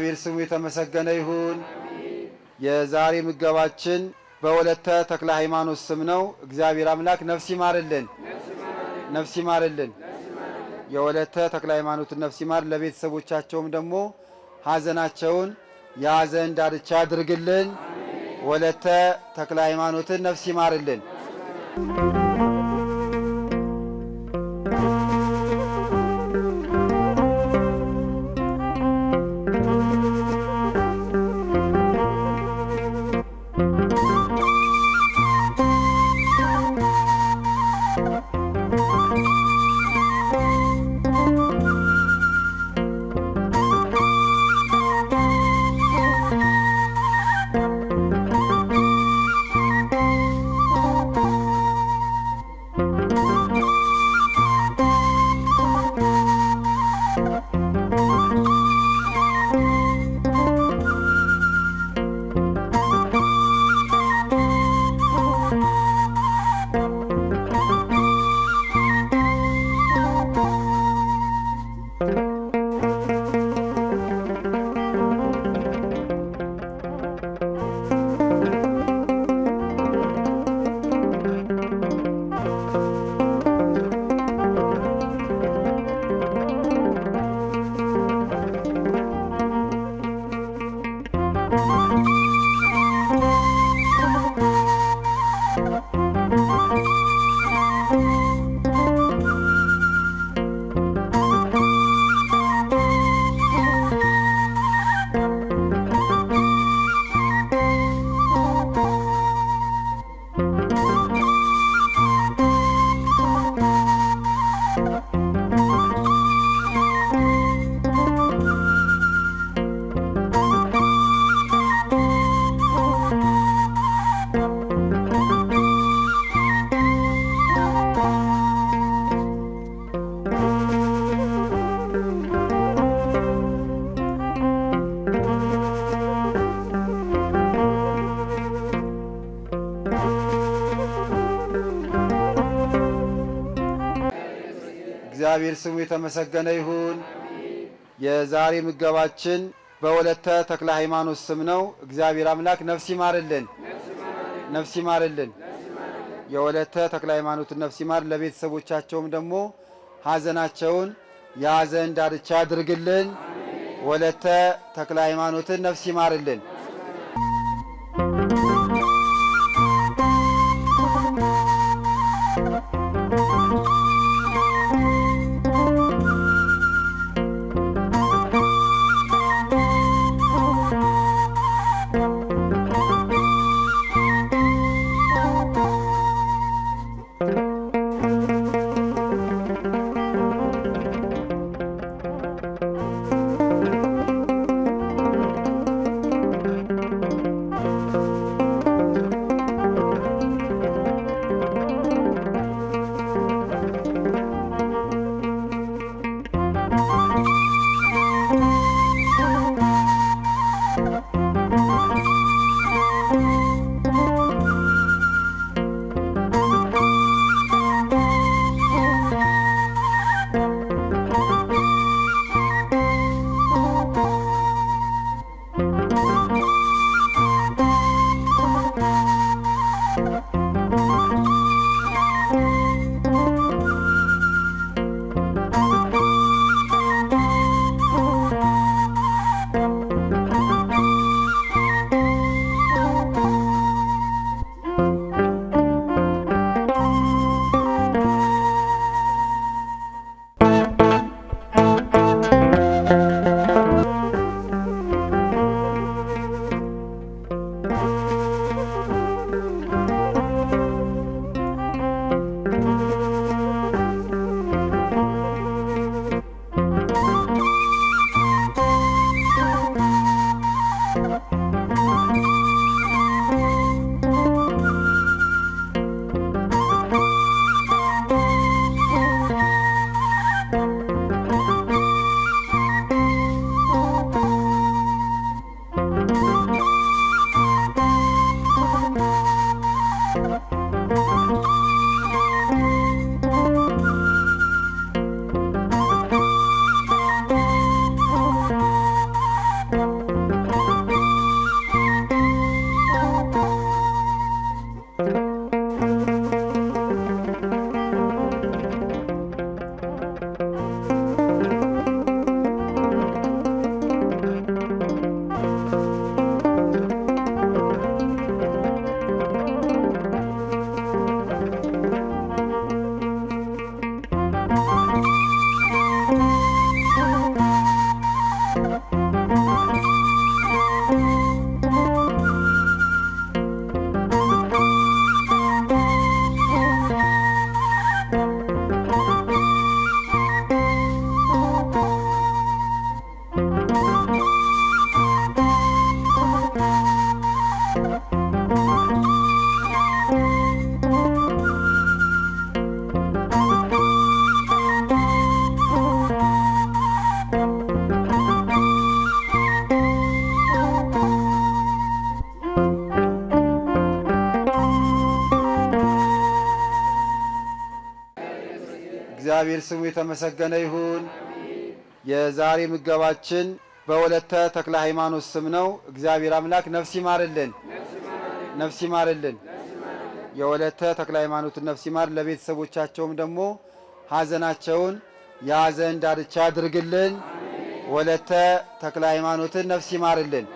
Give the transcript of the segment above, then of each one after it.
እግዚአብሔር ስሙ የተመሰገነ ይሁን። የዛሬ ምገባችን በወለተ ተክለ ሃይማኖት ስም ነው። እግዚአብሔር አምላክ ነፍስ ይማርልን፣ ነፍስ ይማርልን። የወለተ ተክለ ሃይማኖትን ነፍስ ይማር። ለቤተሰቦቻቸውም ደግሞ ሀዘናቸውን የሀዘን ዳርቻ አድርግልን ወለተ ተክለ ሃይማኖትን ነፍስ ይማርልን። እግዚአብሔር ስሙ የተመሰገነ ይሁን። የዛሬ ምገባችን በወለተ ተክለ ሃይማኖት ስም ነው። እግዚአብሔር አምላክ ነፍስ ይማርልን፣ ነፍስ ይማርልን። የወለተ ተክለ ሃይማኖትን ነፍስ ይማር። ለቤተሰቦቻቸውም ደግሞ ሀዘናቸውን የሀዘን ዳርቻ አድርግልን ወለተ ተክለ ሃይማኖትን ነፍስ ይማርልን። እግዚአብሔር ስሙ የተመሰገነ ይሁን። የዛሬ ምገባችን በወለተ ተክለ ሃይማኖት ስም ነው። እግዚአብሔር አምላክ ነፍስ ይማርልን፣ ነፍስ ይማርልን። የወለተ ተክለ ሃይማኖትን ነፍስ ይማር። ለቤተሰቦቻቸውም ደግሞ ሀዘናቸውን የሀዘን ዳርቻ አድርግልን ወለተ ተክለ ሃይማኖትን ነፍስ ይማርልን።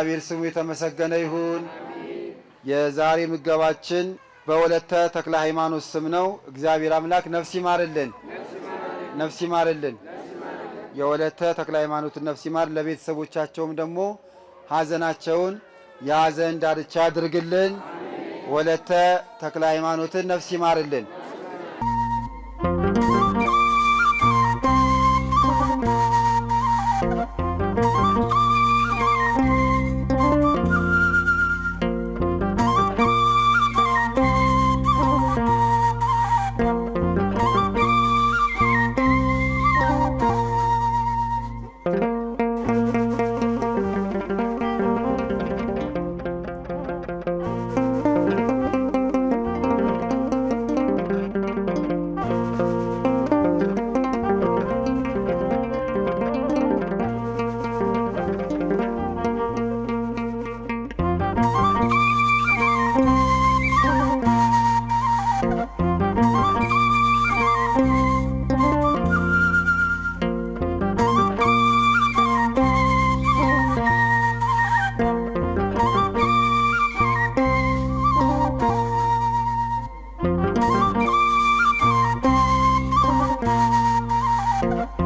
እግዚአብሔር ስሙ የተመሰገነ ይሁን። የዛሬ ምገባችን በወለተ ተክለ ሃይማኖት ስም ነው። እግዚአብሔር አምላክ ነፍስ ይማርልን፣ ነፍስ ይማርልን። የወለተ ተክለ ሃይማኖትን ነፍስ ይማር። ለቤተሰቦቻቸውም ደግሞ ሀዘናቸውን የሀዘን ዳርቻ ያድርግልን። ወለተ ተክለ ሃይማኖትን ነፍስ ይማርልን። Thank you.